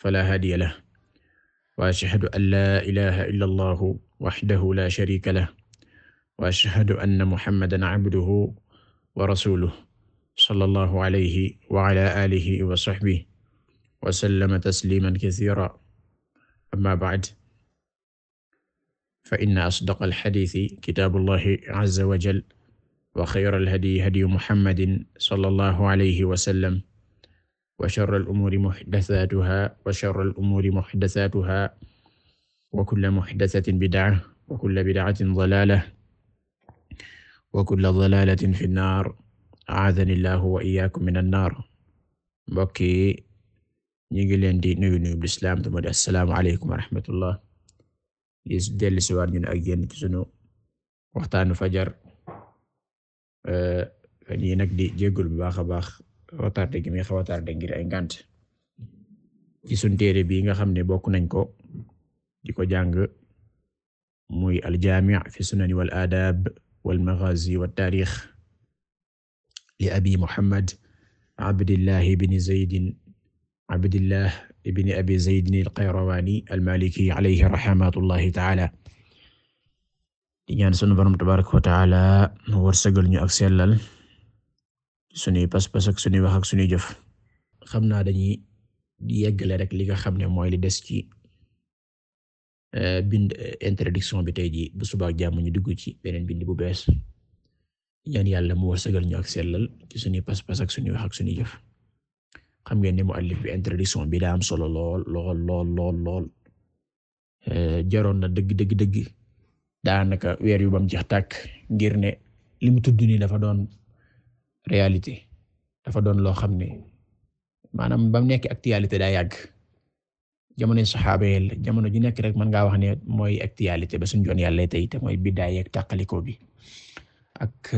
fala haadiya lah wa ashhadu an laa ilaha illa allahu waxdahu la sharika lah wa ashhadu anna muhammadan cabduhu wa rasuluhu sallallahu alayhi wa ala alihi wa sahbihi wa sallama tasliman kasiira amma bacd fa inna asdaqa alxadiisi kitaabullahi azza wa jal wa xayra alhadyi hadyu muhammadin sallallahu alayhi wa sallam wa sharral umuuri muhdasaatuhaa wa sharral umuuri muhdasaatuhaa wa kulla muhdasatin bid'a wa kulla bid'atin dalaala wa kulla dalaalatin fi nnaar a'aadhani llaahu wa iyyaakum mina nnaar mbokk yi ñu ngi leen di nuyu nuyu lislaam dama di assalaamu aleykum wa rahmatullah gis dellu si waat ñun ak yéen ci sunu waxtaanu fajar fa ñi nag di jéggul bu baax a baax xaw a tardé ngir ay ngànt ci sunu téere bii nga xam ne bokk nañ ko di ko jàng muy aljaami' fi sunani wal aadaab wal maghaazi wat muhammad abdillah ibn zayd abdillah ibn abi zayd al-qayrawaani al-maaliki ta'ala di ñaan sunu borom tabaaraka wa ta'ala wërsëgal ñu ak sellal suñuy pas-pas ak suñuy wax ak suñuy jëf xam naa dañuy yeggale rek li nga xam ne mooy li des ci euh, bind euh, introduction bi tey jii bu subaa jàmm ñu dugg ci beneen bind bu bees ñaan yàlla mu wërsëgal ñu ak sellal ci suñuy pas-pas ak suñuy wax ak suñuy jëf xam ngeen ne muallif bi introduction bi daa am solo lool lool lool lool lool euh, jaroon na dëgg dëgg dëgg daanaka weer yu bam jeex tàkk ngir ne li mu tudd nii dafa doon. réalité dafa doon loo xam ne maanaam bam nekk actualité daa yàgg jamono saxaaba yi jamono ju nekk rek mën ngaa wax ne mooy actualité ba suñu joon yàlla tey te mooy biddaay ak tàqalikoo bi ak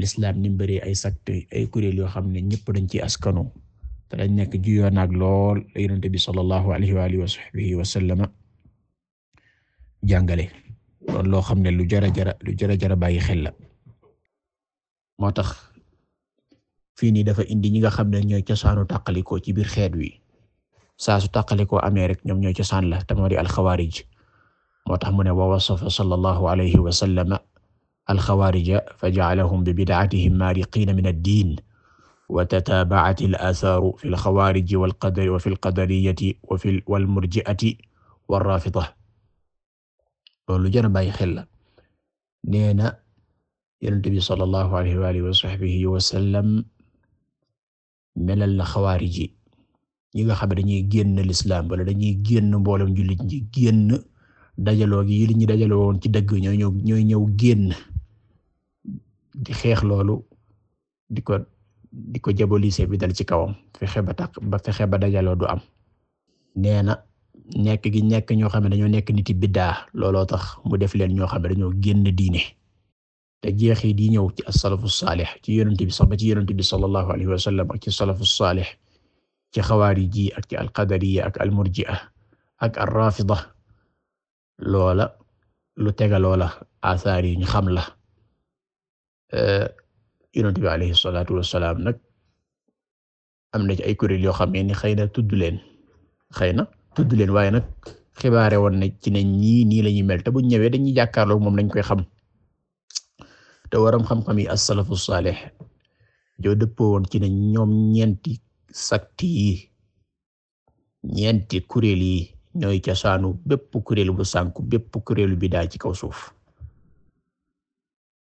l'islam ni bari ay secte ay kuréel yoo xam ne ñëpp dañ ci askanu te dañ nekk juyoo naag lool yonent bi sallallahu alayhi wa alihi wa sahbihi wa sallama jàngale loo xam ne lu jara jara lu jara jara bàyyi xel la moo tax fii nii dafa indi ñi nga xam ne ñooy cosaanu tàqalikoo ci biir xeet wi saa su tàqalikoo amee rek ñoom ñooy cosaan la te moo di alxawaarij moo tax mu ne wa wasafa sallallahu alayhi wa sallam alxawaarija fa ja'alahum bi bid'atihim maariqiina min ad-diin wa tataaba'at al-athaaru fi al-xawaarij wal-qadar wa fi al-qadariyyati wa fi wal-murji'ati war-raafida loolu jar xel la yonent bi sallallahu alayhi wa alihi wa sahbihi wa sallam melal na xawaarij yi ñi nga xam ne dañuy génn lislaam wala dañuy génn mboolem jullit ñi génn dajaloo gi li ñu dajaloo woon ci dëgg ñoo ñëw ñooy ñëw génn di xeex loolu di ko di ko jabolise bi dal ci kawam fexe ba dajaloo du am nee na nekk gi nekk ñoo xam ne dañoo nekk niti biddaa looloo tax mu def leen ñoo xam ne dañoo génn diine te jeexit yi ñëw ci as-salafu saalih ci yonent bi sax ba ci yonent bi sallallahu alayhi wa sallam ak ci salafu saalih ci xawaarij yi ak ci al alqadariya ak almurji'a ak ar-rafida loola lu tegaloo la asaar yi ñu xam la eh, yonent bi alayhi salaatu wa salaam nag am na ci ay kuréel yoo xam ne xëy na tudd leen xëy na tudd leen waaye nag xibaare woon ne ci ne ñii nii la ñuy mel te bu ñëwee dañuy jàkkaarloo moom lañ koy xam. te waram xam-xam yi as-salafu saalih joo dëppoo ci na ñoom ñeenti sakti ñeenti kuréel yi ñooy cosaanu bépp kuréel bu sànku bépp kuréelu bidaa ci kaw suuf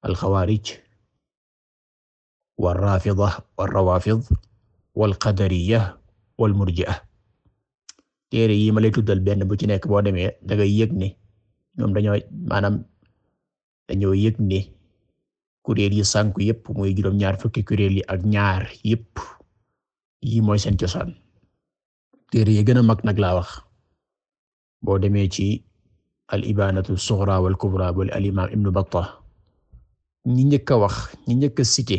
alxawaarij wal raafida wal rawaafid wal qadariya téere yi ma lay tuddal benn bu ci nekk boo demee da ngay yëg ne ñoom dañoo maanaam dañoo kuréel yi sanku yépp mooy juróom-ñaar fukki kuréel yi ak ñaar yépp yi mooy seen cosaan téere yi gën mag nag laa wax boo demee ci al ibanatu sughra wal kubra wal al imam ñi njëkk a wax ñi njëkk a cité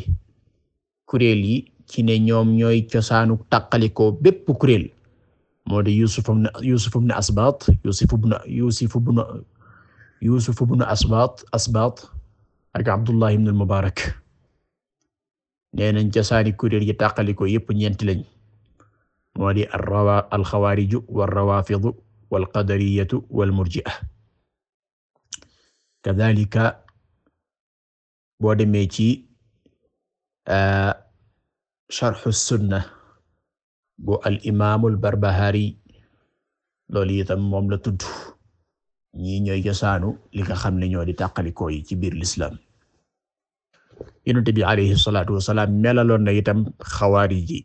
kuréel yi ci ne ñoom ñooy cosaanu tàqalikoo bépp kuréel moo di yusuf ibn yusuf ibn ibn yusuf ak Abdullah ibn al-Mubarak nee nañ cosaani kuréel yi tàqaliko yépp ñeenti lañ moo di arrawa alxawaariju walrawafidu walqadariyatu walmurji'a kadhalika boo demee ci sharxu sunna bu al imaamu al barbahari loolu itam moom la tudd ñii ñooy cosaanu li nga xam ne ñoo di tàqalikoo yi ci biir l'islam yonent bi alayhi salaatu wasalaam melaloon na itam xawaari ji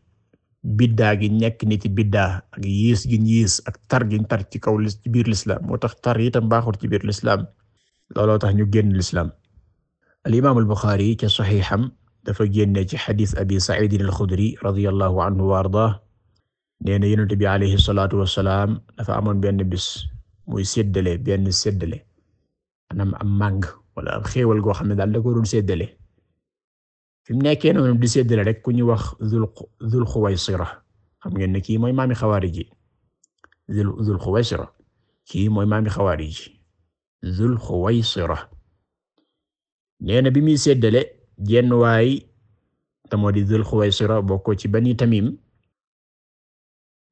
biddaa gi ñekk ni ci biddaa ak yiis gi yiis ak tar gi tar ci kaw ci biir lislaam moo tax tar itam baaxul ci biir lislaam looloo tax ñu génn lislaam al imaam al buxaari ca saxiixam dafa génne ci xadiis abi saciidin alxudri radiyallahu anhu wa ardaah nee na yonent bi alayhi salaatu wasalaam dafa amoon benn bis muy séddale benn séddale anam am màng wala ab goo xam ne daal da ko fi mu nekkee noonu di séddale rek ku ñu wax Zul Zul Xuwaysira xam ngeen ne kii mooy maami xawaarij yi Zul Zul Xuwaysira kii mooy maami xawaarij yi Zul Xuwaysira bi muy séddale jenn waay tamoo di Zul Xuwaysira bokk ci Bani Tamim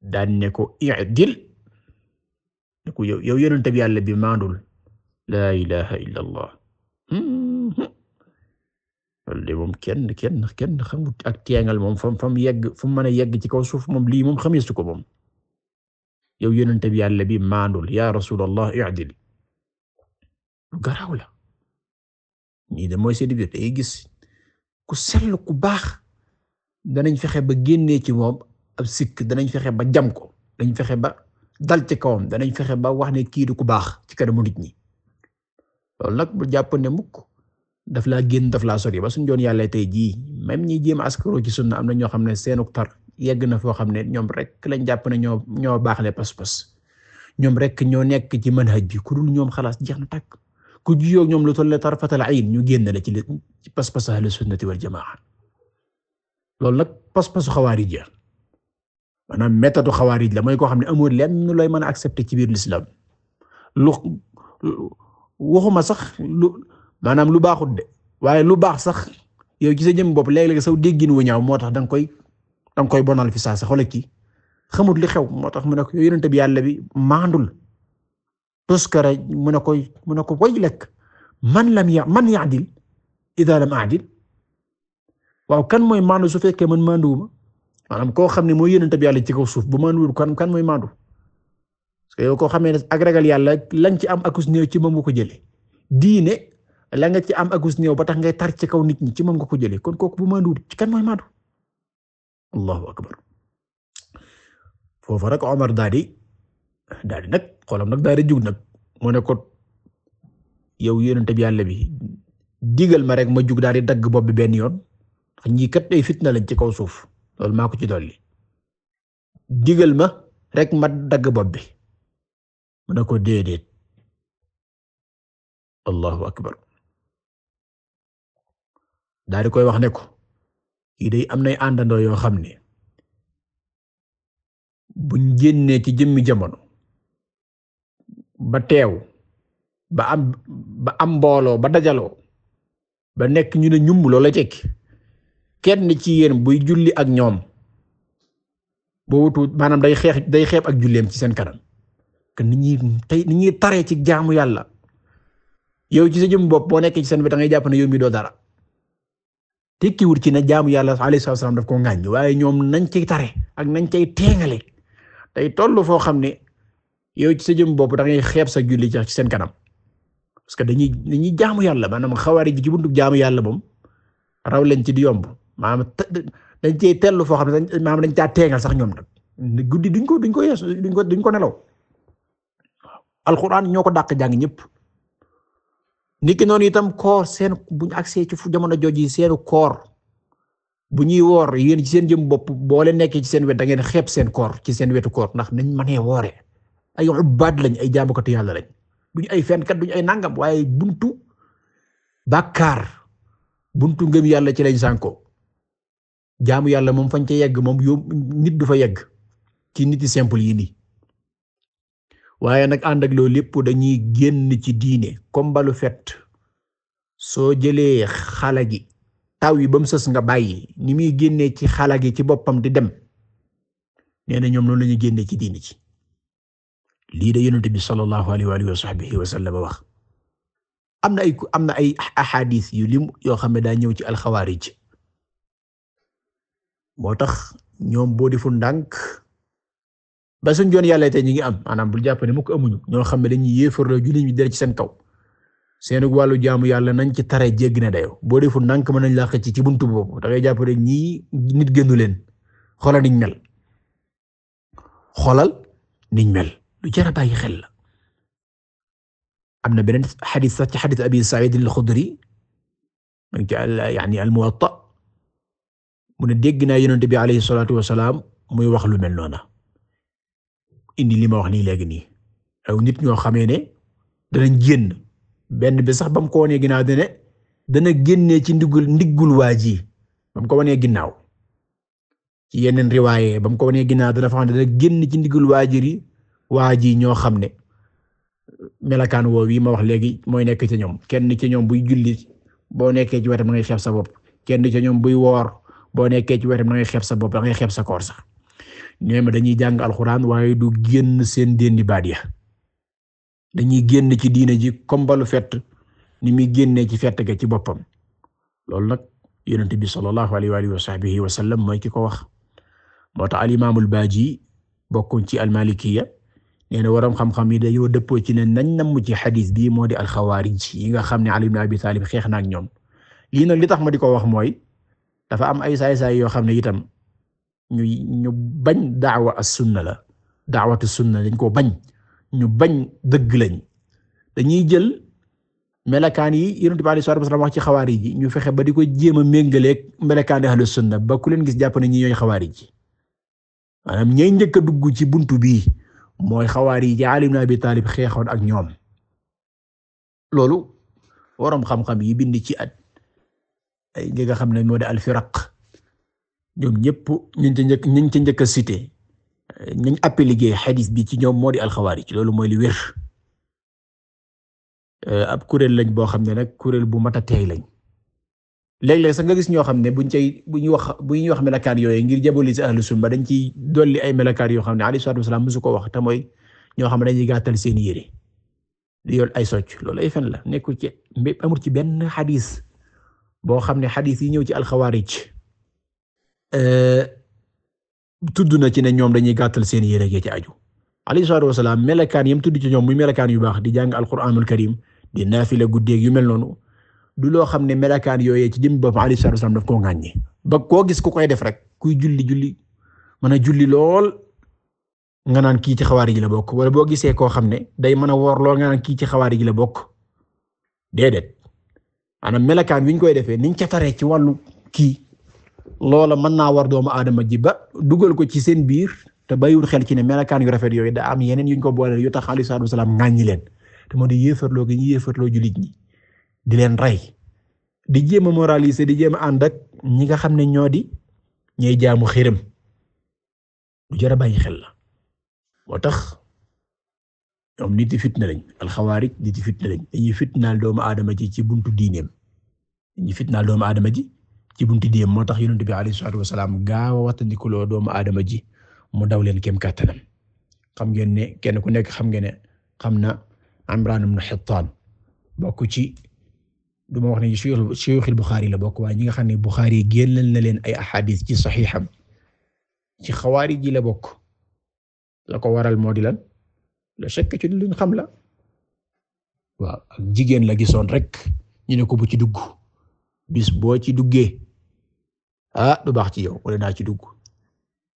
daan ne ko i'dil ko yow yow yonent bi Yàlla bi maandul laa ilaaha illa loolu de moom kenn kenn kenn xamut ak teengal moom fam fam yegg fu mu mën a yegg ci kaw suuf moom lii moom xamistu ko moom yow yonente bi yàlla bi maandul ya rasulallah i'dil lu garaaw la nii de mooy seen biir day gis ku sell ku baax danañ fexe ba génnee ci moom ab sikk danañ fexe ba jam ko danañ fexe ba dal ci kawam danañ fexe ba wax ne kii du ku baax ci kanamu nit ñi loolu nag bu jàpp ne mukk daf laa génn daf laa sori ba suñ doon yàlla tey jii même ñi jéem askaro ci sunna am na ñoo xam ne seenu tar yegg na foo xam ne ñoom rek lañ jàpp ne ñoo ñoo baaxle pas-pas ñoom rek ñoo nekk ci manhaj bi ku dul ñoom xalaas jeex na tàkk ku jiyoog ñoom lu tolle tarfatal ayn ñu génn la ci li ci pas-pas ahlu sunnati wal jamaa loolu nag pas-pasu xawaarij ya maanaam méthode xawaarij la mooy koo xam ne amul lenn lay mën a accepter ci biir l'islam lu waxuma maanaam lu baaxut de waaye lu baax sax yow ci sa jëm bopp léeg-léeg saw déggin wu ñaaw moo tax danga koy danga koy bonal fi saa sa xoolal kii xamut li xew moo tax mu ne ko yonente bi yàlla bi maandul toskara mu ne koy mu ne ko way lekk man lam ya man yaadil ida lam aadil waaw kan mooy maandu su fekkee man maanduwuma maanaam koo xam ne mooy yonente bi yàlla ci kaw suuf bu maanduwul kan kan mooy maandu parce yow koo xamee ne ak ragal yàlla lañ ci am akus néew ci moom bu ko jëlee diine la nga ci am agus néew ba tax ngay tar ci kaw nit ñi ci moom nga ko jëlee kon kooku bu maanduwul ci kan mooy maandu allahu akbar foofa rek Omar daal di daal di nag xolam nag nag mu ne ko yow yàlla bi digal ma rek ma jug daal dagg bopp bi benn yoon ñii kat day fitna lañ ci kaw suuf lool maa ko ci li digal ma rek ma dagg bopp bi mu ne ko allahu akbar daal di koy wax ne ko kii day am nay àndandoo yoo xam ne bu génnee ci jëmmi jamono ba teew ba am ba am mbooloo ba dajaloo ba nekk ñu ne ñumb loola jekk kenn ci yéen buy julli ak ñoom boo wutu maanaam day xeex day xeeb ak julleem ci seen kanam que ni ñuy tey ni ñuy taree ci jaamu yàlla yow ci sa jëm bopp boo nekkee ci seen bi da ngay jàpp ne yow mi doo dara. tekkiwul ci na jaamu yàlla alayhi salaam daf ko ŋàññ waaye ñoom nañ cay tare ak nañ cay teengale tey toll foo xam ne yooyu ci sa jëm bopp da ngay xeeb sa julli ci seen kanam parce que dañuy dañuy jaamu yàlla maanaam xawaari ji ci buntu jaamu yàlla boom raw leen ci di yomb maanaam dañ cay tellu foo xam ne dañ maanaam dañ caa teengal sax ñoom nag guddi duñ ko duñ ko yees ko duñ ko nelaw alxuraan ñoo ko dàq jàng ñëpp niki noonu itam koor seen bu ñu ci fu jamono jooju seenu koor bu ñuy woor yéen ci seen jëm bopp boo leen nekkee ci seen wet a ngeen xepp seen koor ci seen wetu koor ndax nañ mënee woore ay baat lañ ay jaamukatu yàlla lañ duñ ay fenkat duñ ay nangam waaye buntu bàkkaar buntu ngëm yàlla ci lañ sànko jaamu yàlla moom fañ ca yegg moom yow nit du fa yegg ci nit yi simple yi nii waaye nag ànd ak loolu lépp dañuy génn ci diine comme balu fet soo jëlee xala gi taw yi ba mu sës nga bàyyi ni muy génnee ci xala gi ci boppam di dem nee na ñoom loolu la ñuy génnee ci diine ci lii da yonent bi sallallahu alayhi wa alihi wa wax am na ay am na ay ahadis yu lim yoo xam ne daa ñëw ci alxawaarij moo tax ñoom boo defu ndànk ba suñ joon yàlla tey ñu ngi am maanaam bul jàpp ne mukk amuñu ñoo xam ne dañuy yéefarloo jullit ñi dara ci seen kaw seen wàllu jaamu yàlla nañ ci tare jégg na dayo boo deful nànk mën nañ la xëcc ci buntu boobu da ngay jàpp ñii nit gënu leen xoolal niñ mel xoolal niñ mel lu jar a bàyyi la am na beneen xadis sax ci xadis Abi Saïd al-Xudri nag ci yani al-Muwatta mu ne dégg naa Yonent bi alayhi salaatu wa salaam muy wax lu mel noona indi lima wax nii léegi nii aw nit ñoo xamee ne danañ génn benn bi sax ba mu ko wanee ginnaaw dane dana génne ci ndigul ndiggul ji ba mu ko wane ginnaaw ci yeneen riwaaye ba ko wanee ginnaaw dana fa xam ne dana génn ci ndiggul waajiri waa ji ñoo xam ne melakaan woow yi ma wax léegi mooy nekk ci ñoom kenn ci ñoom buy julli boo nekkee ci wetam da ngay xeeb sa bopp kenn ci ñoom buy woor boo nekkee ci wetam da ngay xeeb sa bopp da ngay sa koor sax nee ma dañuy jàng alxuraan waaye du génn seen déndi baat ya dañuy génn ci diina ji kombalu fett ni muy génnee ci fett ga ci boppam loolu nag yonent bi sallallahu alayhi wa sahbihi wa mooy ki ko wax moo tax al imaamul baaji bokkuñ ci almalikiya nee na waram xam-xam yi dañoo dëppoo ci ne nañ namm ci xadis bii moo di alxawaarij yi nga xam ne Ali ibn Abi Taalib xeex na ak ñoom lii nag li tax ma di ko wax mooy dafa am ay saay yoo xam ne itam ñu ñu bañ daawa as sunna la daawatu sunna dañ ko bañ ñu bañ dëgg lañ dañuy jël melekaan yi Yonent bi sallallahu alayhi wax ci xawaari ji ñu fexe ba di ko jéem a méngaleeg melekaan ahlu sunna ba ku leen gis jàpp ne ñi ñooy xawaari ji maanaam ñooy njëkk a dugg ci bunt bi mooy xawaari ji Ali ibn xeexoon ak ñoom loolu waroom xam-xam yi bind ci at ay nga xam ne moo di al ñoom ñëpp ñu ngi ca njëkk ñu ngi njëkk a cité ñu ngi appliqué xadis bi ci ñoom moo di alxawaarij loolu mooy li wér euh, ab kuréel lañ boo xam ne nag kuréel bu mat a teey lañ léeg-léeg sax nga gis ñoo xam ne buñ cay bu ñuy wax bu ñuy wax melakaar yooyu ngir diaboliser ahlu sunna dañ ciy dolli ay melakaar yoo xam ne alayhi salaatu wasalaam musu ko wax te mooy ñoo xam ne dañuy gàttal seen yére di ay socc loolu ay fen la nekkul ci amul ci benn xadis boo xam ne xadis yi ñëw ci alxawaarij tudd na ci ne ñoom dañuy gàttal seen yére gee ci aju alayhi salaatu wasalaam melakaan yam tudd ci ñoom muy melakaan yu baax di jàng alquraanul karim di naafila guddeeg yu mel noonu du loo xam ne melakaan yooyee ci jëm boppam alayhi salaatu wasalaam daf koo ŋàññi ba koo gis ku koy def rek kuy julli julli mën a julli lool nga naan kii ci xawaari ji la bokk wala boo gisee koo xam ne day mën a woor lool kii ci xawaari la bokk déedéet maanaam melakaan wi koy defee niñ ca ci wàllu kii loola mën naa war doomu aadama ji ba dugal ko ci seen biir te bàyyiwul xel ci ne melokaan yu rafet yooyu da am yeneen yuñ ko booleel yu tax alayhi salaatu wasalaam ŋàññi leen te di yéefarloo gi ñu yéefarloo jullit ñi di leen rey di jéem a moraliser di jéem a ànd ñi nga xam ne ñoo di ñooy jaamu xiram lu jar a xel la moo tax ñoom nit yi fitna lañ alxawaarij nit yi fitna lañ dañuy fitnaal doomu aadama ji ci buntu diineem dañuy fitnaal doomu aadama ji ci buntu diyeem moo tax yonent bi alayhi salaatu wasalaam gaaw a doomu aadama ji mu daw leen kem kàttanam xam ngeen ne kenn ku nekk xam ngeen ne xam na Imraan ibn Hittaan bokk ci du wax ne Suyuux al-Buxaari la bokk waaye nga xam ne Buxaari génnal na leen ay ahadis ci saxiixam ci xawaari ji bokk la ko waral moo di lan la xam la waaw jigéen la gisoon rek ñu ne ko bu ci dugg bis boo ci duggee ah du baax ci yow wala naa ci dugg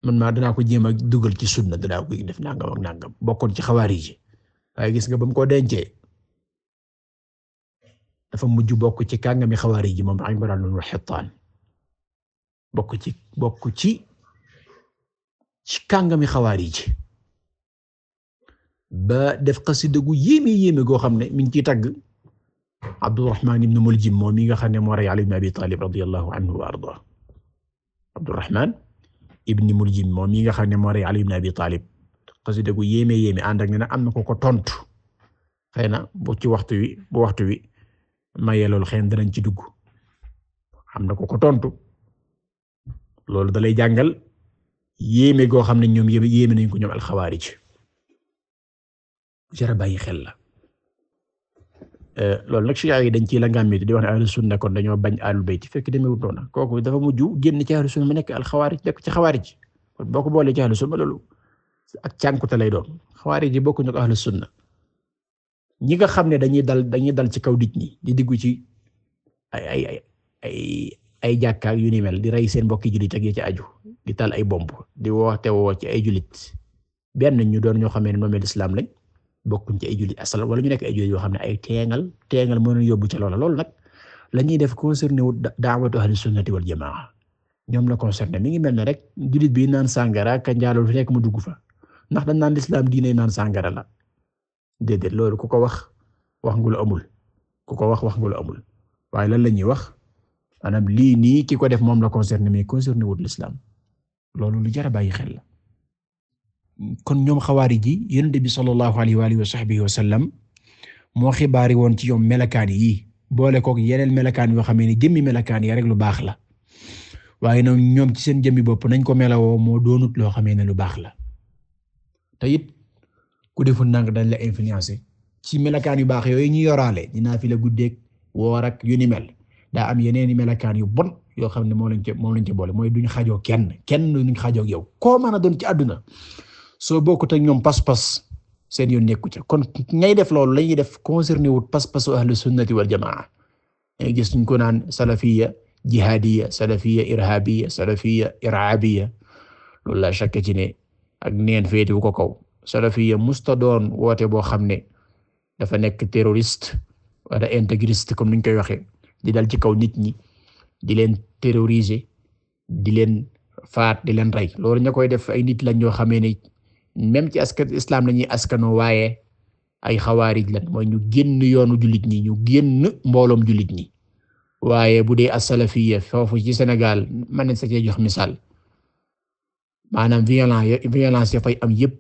man maa danaa ko jéem a dugal ci sunna danaa ko def nangam ak nangam bokkoon ci xawaari ji waaye gis nga ba mu ko dencee dafa mujj bokk ci kàngami xawaari ji moom Imraan ibn Hittaan bokk ci bokk ci ci kàngami xawaari ji ba def xasida gu yéeme yéeme goo xam ne mi ngi ciy tagg Abdurrahmaan ibn Muljim moom mi nga xam ne moo rey Ali Abi Taalib radiyallahu anhu wa ardaa Abdurrahman ibn Muljim moom mi nga xam ne moo rey Ali ibn Abi Talib xasida gu yéeme yéeme ànd ak ne am na ko ko tontu xëy na ci waxtu wi bu waxtu wi mayee loolu xëy na danañ ci dugg xam na ko ko tontu loolu dalay jàngal yéeme goo xam ne ñoom yéeme nañ ko ñoom alxawaarij jara bàyyi xel la. Eh, loolu nag chia yi dañ ciy la ngàmmiti di wax ne ahlu sunna kon dañoo bañ ahlul bayt fekk demeewut noona kooku dafa mujj génn ci ahlu sunna mu nekk al xawaarij nekk ci xawaarij kon boo ko boolee ci ahlu sunna ak cànkute lay doon xawaarij yi bokkuñu ak ahlu sunna ñi nga xam ne dañuy dal dañuy dal ci kaw nit ñi di diggu ci ay ay ay yu ni mel di rey seen mbokki jullit ak yi ci aju di tal ay bomb di woote woo ci ay julit benn ñu doon ñoo xamee ne moomeel islam lañ bokkuñ ci ay jullit wala ñu nekk ay jullit yoo xam ne ay teengal teengal moo yóbbu ca loola loolu nag la ñuy def concerné wu daawatu ahli sunnati wal jamaa ñoom la concerné mi ngi mel ne rek jullit bi naan sàngara ka njaaloo fi nekk mu dugg fa ndax dañ naan lislaam diine naan sàngara la déedéet loolu ku ko wax wax nga lu amul ku ko wax wax nga lu amul waaye lan la ñuy wax maanaam lii nii ki ko def moom la concerné mi concerné wut l'islam loolu lu jar a bàyyi xel kon ñoom xawaari ji yonent bi sallallahu alayhi wa alihi wa sahbihi wa sallam moo xibaari woon ci ñoom melakaan yi boole kook yeneen melakaan yoo xam ni jëmmi melakaan yi rek lu baax la waaye nag ñoom ci seen jëmmi bopp nañ ko melawoo moo doonut loo xamee ne lu baax la te it ku defu ndànk dañ la influencer ci melakaan yu baax yooyu ñu yoraale ñu naa fi la guddeeg ak yu ni mel daa am yeneen i melakaan yu bon yoo xam ne moo lañ ci moo lañ ci boole mooy duñ xajoo kenn kenn duñ xajoo yow koo doon ci àdduna soo bokkut ak ñoom pas-pas seen yoon nekku ca kon ñay def loolu lañuy def concerné wut pas-pasu ahlu sunnati wal jamaa ay gis ñu ko naan salafiyya jihadiyya salafiyya irhabiyya salafiyya irabiyya loolu la shakk ci ne ak neen ko kaw salafiyya musta doon woote boo xam ne dafa nekk terroriste wala intégriste comme niñ koy waxee di dal ci kaw nit ñi di leen terroriser di leen faat di leen rey loolu ña koy def ay nit lañ ñoo xamee ne même ci askan islam lañuy askano waaye ay xawaarij lan mooy ñu génn yoonu jullit ñi ñu génn mbooloom jullit ñi waaye bu dee as-salafiyya foofu ci Sénégal mën nañ sa cee jox misaal maanaam violence violence ya fay am yépp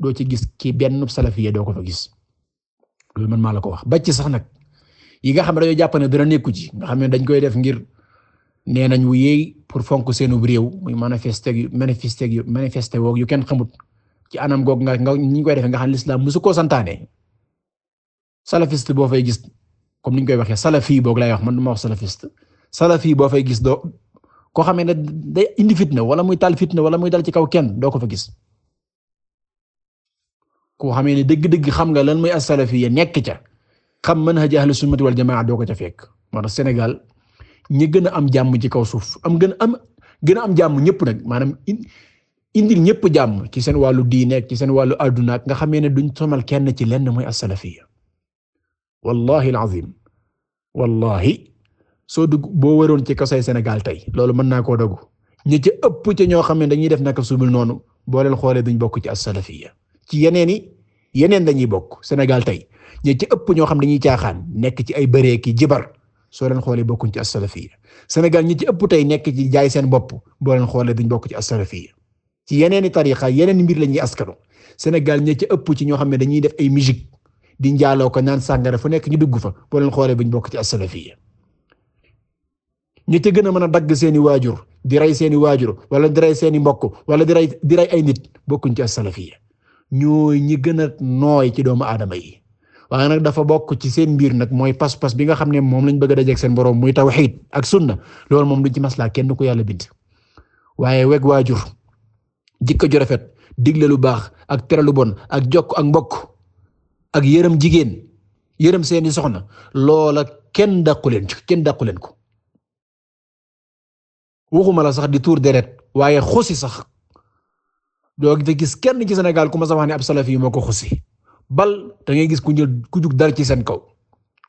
doo ci gis ki benn salafiyya doo ko fa gis loolu man maa la ko wax ba ci sax nag yi nga xam ne dañoo jàpp ne dara nekku ci nga xam ne dañ koy def ngir nee nañ wu yeey pour fonk seenu réew muy manifester manifester manifester woog yu kenn xamut ci anam goog nga nga ñi koy defee nga xam lislaam musu koo santaane salafiste boo fay gis comme ni ñu koy waxee salafi boog lay wax man duma wax salafiste boo fay gis doo koo xamee ne day indi fitna wala muy taal fitna wala muy dal ci kaw kenn doo ko fa gis koo xamee ne dëgg-dëgg xam nga lan muy as-salafiyya nekk ca xam manhaj ahlu sunnati wal jamaa doo ko ca fekk moo tax Sénégal ñi gën a am jàmm ci kaw suuf am gën a am gën a am jàmm ñëpp nag maanam indil ñëpp jàmm ci seen wàllu diine ak ci seen wàllu adduna ak nga xamee ne duñ somal kenn ci lenn mooy as-salafiyya wallahi al-azim wallahi soo dugg boo wëroon ci kasay senegal tey loolu mën naa koo dogu ñi ci ëpp ñoo xam ne dañuy def naka subul noonu boo leen xoolee duñ bokk ci as-salafiyya ci yeneen i yeneen dañuy bokk Sénégal tey ñi ci ëpp ñoo xam dañuy caaxaan nekk ci ay bëree ki jibar soo leen xoolee bokkuñ ci as-salafiyya Sénégal ñi ci ëpp tey nekk ci jaay seen bopp boo leen xoolee duñ bokk ci as-salafiyya ci yeneeni tarixa yeneen mbir la ñuy askano Sénégal ñi ci ëpp ci ñoo xam ne dañuy def ay musique di njaaloo ko naan sangara fu nekk ñu dugg fa boo leen xoolee buñ bokk ci as-salafiyya ñi ci gën a mën a dagg seeni waajur di rey seeni waajur wala di rey seeni mbokk wala di rey di ay nit bokkuñ ci as-salafiyya ñooy ñi gën a nooy ci doomu adama yi waaye nag dafa bokk ci seen mbir nag mooy pas-pas bi nga xam ne moom lañ bëgg a dajeeg seen borom muy tawxiid ak sunna loolu moom duñ ci maslaa kenn ko yàlla bind waaye weg waajur jikko ju rafet digle lu baax ak tere bon ak jokk ak mbokk ak yërëm jigéen yërëm seeni soxna loola kenn dàqu leen kenn dàqu leen ko waxuma la sax di tuur deret waaye xusi sax doo te gis kenn ci senegal ku ma sa wax ne ab salafi yi moo ko xusi bal da ngay gis ku jël ku jug dara ci seen kaw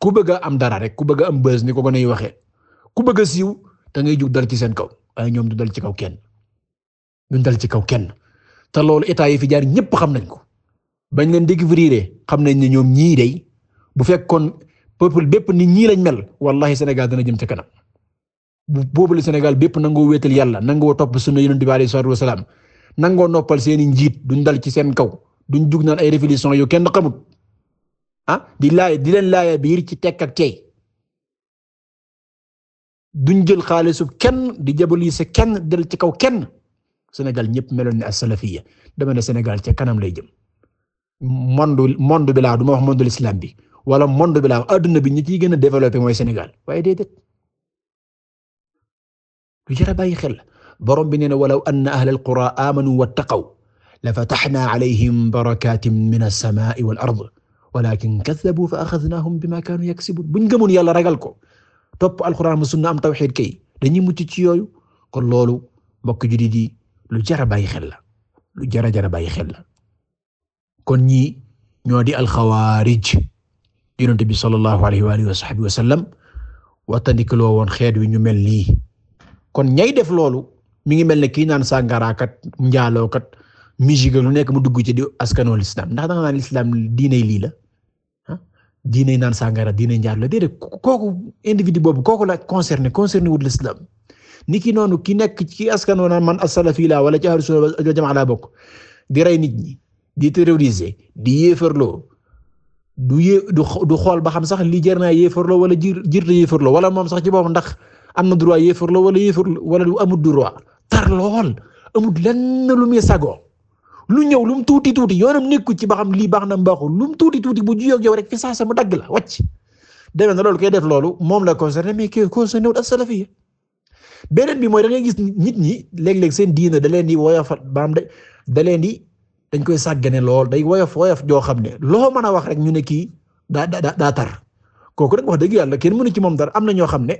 ku bëgg am dara rek ku bëgg a am bës ni ko gone yi waxee ku bëgg a siiw da ngay jug dara ci seen kaw waaye ñoom du dal ci kaw kenn duñ dal ci kaw kenn te loolu état yi fi jaar ñëpp xam nañ ko bañ leen découvrir xam nañ ne ñoom ñii day bu fekkoon peuple bépp ni ñii lañ mel wallahi Sénégal dana jëm ca kanam bu boobule Sénégal bépp nangoo wéetal yàlla nangoo topp sunna yonent bi alayhi salaatu wasalaam nangoo noppal seeni njiit duñ dal ci seen kaw duñ jug naan ay révolution yu kenn xamut ah di laay di leen laaya biir ci tekk ak tey duñ jël xaalisu kenn di jabalise kenn dal ci kaw kenn Sénégal ñëpp meloon ne as-salafiyya dama ne Sénégal ca kanam lay jëm monde monde bi laa du ma wax monde l'islam bi wala monde bi laa adduna bi ñi ciy gën a développé mooy Sénégal waaye déedéet lu jar a bàyyi xel borom bi nee na walaw anna ahlal qura amanu wattaqaw la fatahnaa alayhim barakatin min as-samaa'i wal ard walakin kazzabu fa axadnaahum bima kaanu yaksibuun buñ gëmoon yàlla ragal ko topp alquran mu sunna am tawxiid kay dañuy mucc ci yooyu kon loolu mbokk julit yi lu jara bàyyi xel la lu jara jara bàyyi xel la kon ñi ñoo di alxawaarij yonent bi sallallahu alayhi wa alihi wa sahbihi wa woon xeet wi ñu mel nii kon ñay def loolu mu ngi mel ne ki naan sàngaraakat njaalookat musique lu nekk mu dugg ci di askanoo lislaam ndax danga naan lislaam diiney lii la ah diiney naan sàngara diiney njaaloo déedéet kooku individu boobu kooku la concerné concerné wul lislaam ni ki noonu ki nekk ci askan wi naan man as-salafi laa wala ci ahlu sunna wal jamaa bokk di rey nit ñi di terroriser di yéefarloo du yé du du xool ba xam sax li jar naa yéefarloo wala jir jirta yéefarloo wala moom sax ci boppam ndax am na droit yéefarloo wala yéefarloo wala lu amul droit tar lool amul lenn lu muy sagoo lu ñëw lu mu tuuti tuuti yoonam nekku ci ba xam lii baax na mbaaxul lu mu tuuti tuuti bu juyoog yow rek fi saa sa mu dagg la wàcc demee na loolu koy def loolu moom la concerné mais kii concerné wut as beneen bi mooy dangay ngay gis nit ñi léeg-léeg seen diina daleen leen di woyofat baam de daleen di dañ koy sàggane lool day woyof joo xam ne loo mën a wax rek ñu ne kii daa daa kooku rek wax dëgg yàlla kenn mënu ci moom dara am na ñoo xam ne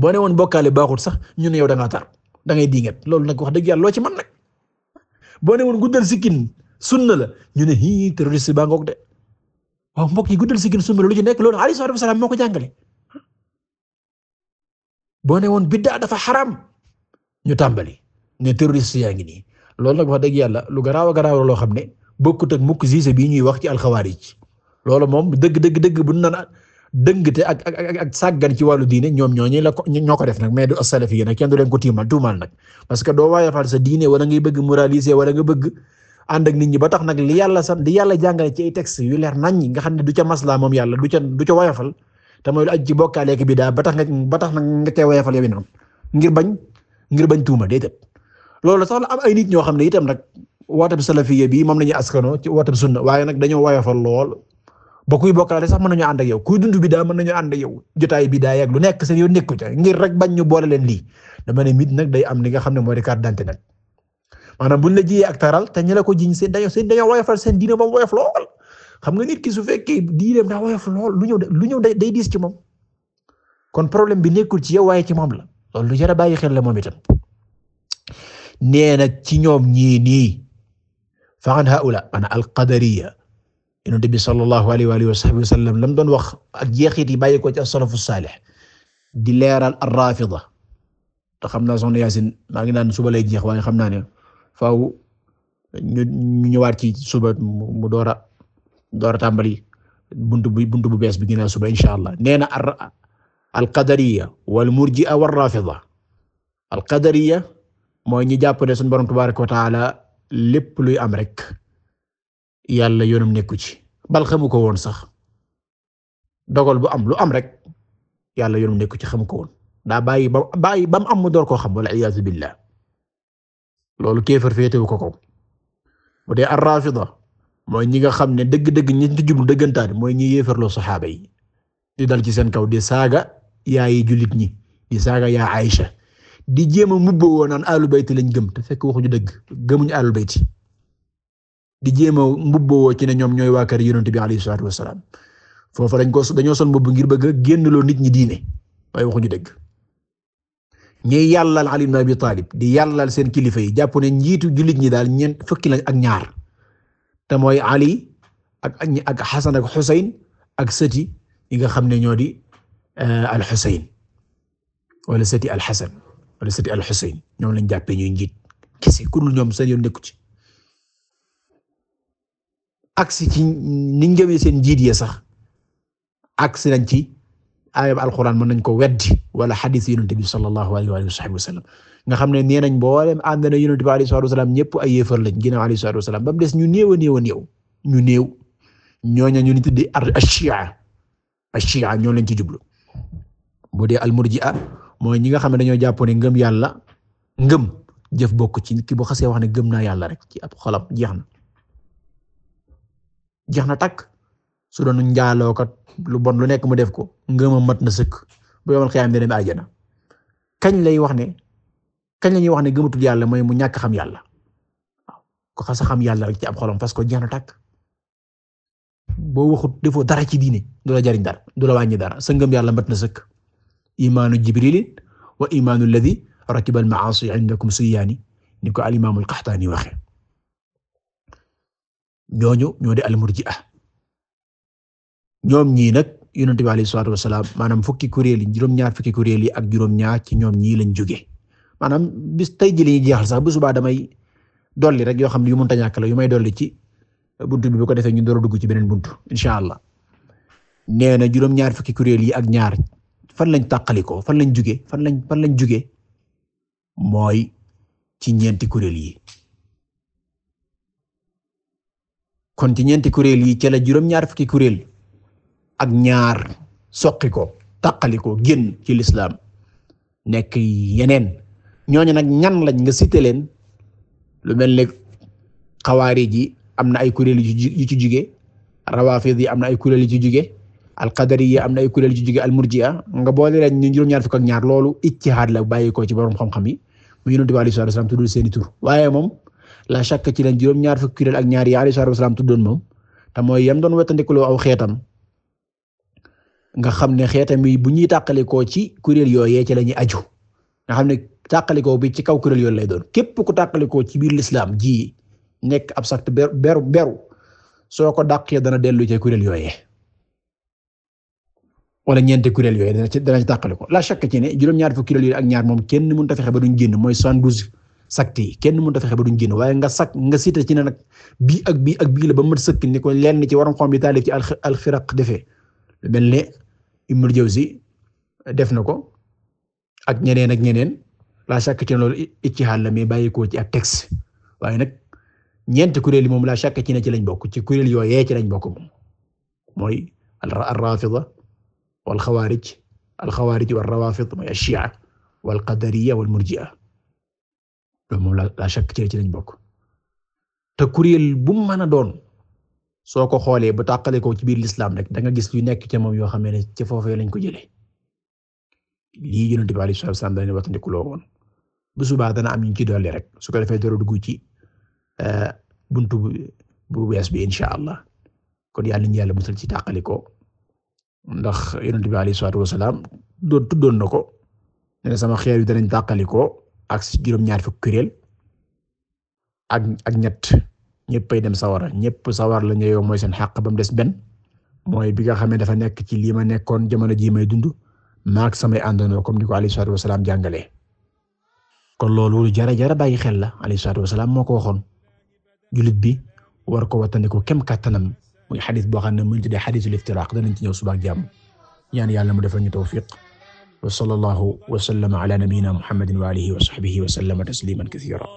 boo ne woon bokkaale baaxul sax ñu ne yow da ngaa tar dangay ngay diingat loolu nag wax dëgg yàlla loo ci man nag boo ne woon guddal sikkin sunna la ñu ne hi terroriste baa ngoog de waaw mbokk yi guddal sikkin sunna lu ci nekk lool alayhi salaatu wasalaam moo ko jàngale boo ne woon a dafa xaram ñu tàmbali ne terroriste yaa ngi nii loolu nag wax dëgg yàlla lu garaaw a garaaw loo xam ne bokkut ak mukk siise bii ñuy wax ci alxawaarij loolu moom dëgg dëgg dëgg bu naan dëngte ak ak ak ak sàggan ci wàllu diine ñoom ñooñu la ko ñoo ko def nag mais du as kenn du ko tiimal tuumal nag parce que doo waaye fal sa diine wala ngay bëgg moraliser wala nga bëgg ànd ak ni ñi ba tax nag li yàlla san li yàlla jàngale ci ay textes yu leer nañ nga xam ne du ca maslaa moom yàlla du ca du ca te mooy lu aj ci bokkaale ak biddaa ba tax nga ba tax nga cee weefal ngir bañ ngir bañ tuuma déedéet loolu sax la am ay nit ñoo xam ne itam nag wooteeb salafiyya bi moom la ñuy askanoo ci wooteeb sunna waaye nag dañoo weefal lool ba kuy bokkaale sax mën nañoo ànd ak yow kuy dund biddaa mën nañoo ànd ak yow jotaay biddaa yeeg lu nekk seen yow nekku ca ngir rek bañ ñu boole leen lii dama ne nit nag day am li nga xam ne mooy carte d'identité nag maanaam buñ la jiyee ak taral te ñu la jiñ seen dañoo seen seen diina ba mu lool xam nga nit ki su fekkee diineem daa woyof lool lu ñëw lu ñëw day diis ci moom kon problème bi nekkul ci yow waaye ci moom la lu jar a bàyyi xel la moom itam nee na ci ñoom ñii nii fa an haula ana alqadariya yonent bi sallallahu alayhi wa sahbihi wa doon wax ak jeexit yi bàyyi ko ci as-salafu saalih di leeral ar-rafida te xam naa soxna Yaasin maa ngi naan suba lay jeex waaye xam naa ne faaw ñu ñëwaat ci suba mu doora door a tàmbali buntu bu buntu bu bees bi ginnaaw suba incha allah nee na alqadariya wal murji'a war rafida alqadariya mooy ñi jàpp ne sunu borom tabaaraka wa taala lépp luy am rek yàlla yoonam nekku ci bal xamu ko woon sax dogal bu am lu am rek yàlla yoonam nekku ci xamu ko woon daa bàyyi ba bàyyi ba mu am mu door koo xam wal iyaazu billah loolu kéefar féetewu ko ko bu dee mooy ñi nga xam ne dëgg-dëgg ñi ci jublu dëggantaan mooy ñi yéefarloo saxaaba yi di dal ci seen kaw di saaga yaayi jullit ñi di saaga yaa Aïcha di jéem a mubboo woon naan alu bayti lañ gëm te fekk waxuñu dëgg gëmuñu alu bayti di jéem a mbubboo ci ne ñoom ñooy waa kër yonent bi alayhi salaatu wassalaam foofa dañ ko dañoo son mbubb ngir bëgg a génnloo nit ñi diine waaye waxuñu dëgg ñiy yàllal Ali ibn Abi Talib di yàllal seen kilifa yi jàpp ne njiitu jullit ñi daal ñeent fukki lañ ak ñaar te mooy Ali ak ak Xasan ak Xusayn ak sëti yi nga xam ne ñoo di euh, al Xusayn wala sëti al Xasan wala sëti al Xusayn ñoom lañ jàppee ñuy njiit kese kul ñoom seen yoon nekku ci aksi ci niñ gëmee seen njiit ya sax aksi nañ ci ayab alquran mën nañ ko weddi wala xadiis yonent bi sallallahu alayhi wa sallam nga xam ne nee nañ mboolem ànd na yonent bi alayhi salaatu wasalaam ñëpp ay yéefar lañ ginnaaw alayhi salaatu wasalaam ba des ñu néew a néew a néew ñu néew ñooña ñu ni tuddi ashia ashia ñoo leen ci jublu bu dee almurji'a mooy ñi nga xam ne dañoo jàpp ne ngëm yàlla ngëm jëf bokk ci ki xasee wax ne gëm naa yàlla rek ci ab xolam jeex na jeex na takk su doon lu bon lu nekk mu def ko ngëma mat na sëkk lay wax ne kañ la ñuy wax ne gëmatul yàlla mooy mu ñàkk xam yàlla waaw ko xasa xam yàlla rek ci ab xolam parce que jeex na tàkk boo waxut defoo dara ci diine du la jariñ dara du la wàññi dara sa yàlla mat na sëkk imaanu jibril wa imaanu alladhi rakiba al-ma'asi ko al-imam al-Qahtani waxe ñooñu ñoo di al-murji'a ñoom ñii nag yonent bi alayhi salaatu wassalaam maanaam fukki kuréel yi juróom-ñaar fukki kuréel yi ak juróom-ñaar ci ñoom ñii lañ jóge maanaam bis tey ji li ñuy jeexal sax bu subaa damay dolli rek yoo xam ne yu mënta ñàkk la yu may dolli ci buntu bi bu ko defee ñu door a dugg ci beneen buntu incha allah nee na juróom-ñaar fukki kuréel yi ak ñaar fan lañ tàqalikoo fan lañ jugee fan lañ fan lañ jugee mooy ci ñeenti kuréel yi kon ci kuréel yi ca la juróom-ñaar fukki kuréel ak ñaar soqi ko tàqalikoo génn ci lislaam nekk yeneen ñooñu nag ñan lañ nga cité leen lu mel ne xawaarij yi am na ay kuréel yu ci juge rawaafid yi am na ay kuréel yu ci juge alqadari yi am na ay kuréel yu ci juge almurjiya nga boole leen ñu juróom-ñaar fukk ak ñaar loolu ijtihaad la bàyyi ko ci borom xam-xam yi mu yonent bi sallallahu alayhi wasallam tuddul waaye moom la chaque ci leen juróom-ñaar fukk kuréel ak ñaar yi sallallahu alayhi wasallam tuddoon moom te mooy yam doon wetandikuloo aw xeetam nga xam ne xeetam yi bu ñuy tàqalikoo ci kuréel yooyee ci la ñuy aju nga xam ne tàqalikoo bi ci kaw kuréel yooyu lay doon képp ko tàqalikoo ci biir lislaam ji nekk ab sart beru beru beru soo ko dàqee dana dellu ci kuréel yooyee wala ñeenti kuréel yooyu dana ci dana ci la chaque ci ne juróom-ñaar fukki kuréel yooyu ak ñaar moom kenn mënut a fexe ba duñ génn mooy soixante-douze sakt yi kenn mun a fexe ba duñ génn waaye nga sak nga cité ci ne nag bii ak bii ak bii la ba mën sëkk ni ko lenn ci waroon xom bi taalif ci alxiraq defee lu mel ne Ibnul Jawzi def na ko ak ñeneen ak ñeneen laa sàkk ci loolu ijtihaad la mais bàyyikoo ci ab texte waaye nag ñeenti kuréel yi moom laa sàkk ci ne ci lañ bokk ci kuréel yooyee ci lañ bokk moom mooy ar-raafida wal xawaarij al xawaarij wal rawaafid mooy ash-shi'a wal qadariyya wal murji'a loolu laa sàkk ci lañ bokk te kuréel bu mu mën a doon soo ko xoolee ba tàqale ko ci biir lislaam rek da nga gis lu nekk ca moom yoo xam ne ci foofee lañ ko jëlee lii Yonent bi sallallahu alayhi wasallam dañu watandiku loo woon bu subaa dana am ñu ci dolli rek su ko defee dara dugg ci eh, buntu bu bees bi insha allah kon yàlla ñu yàlla musal ci tàqalikoo ndax yonent bi alayhi salaatu doon tuddoon ko ne sama xeer wi danañ tàqalikoo ak si juróom-ñaar fukk kuréel ak ak ñett ñëppay dem sawara ñëpp sawar la ñëw mooy seen xàq ba mu des benn mooy bi nga xam ne dafa nekk ci lii ma nekkoon jamono jii may dund maak samay àndandoo comme ni ko alayhi salaatu wasalaam jàngalee. kon loolu lu jara jara bàyyi xel la alayhi salaatu wasalaam moo ko waxoon jullit bi war ko wattandiku kem kàttanam muy xadis boo xam ne mu ngi tuddee xadisul iftiraaq danañ ci ñëw suba ak jàmm ñaan yàlla mu defal ñu tawfiq wa sallallahu wa sallama ala nabiyyina muhammadin wa alihi wa sahbihi wa sallama tasliman kathiran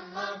الله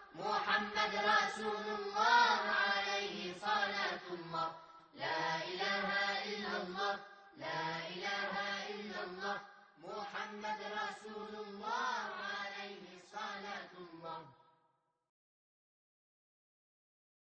محمد رسول الله عليه صلاة الله لا إله إلا الله لا إله إلا الله محمد رسول الله عليه صلاة الله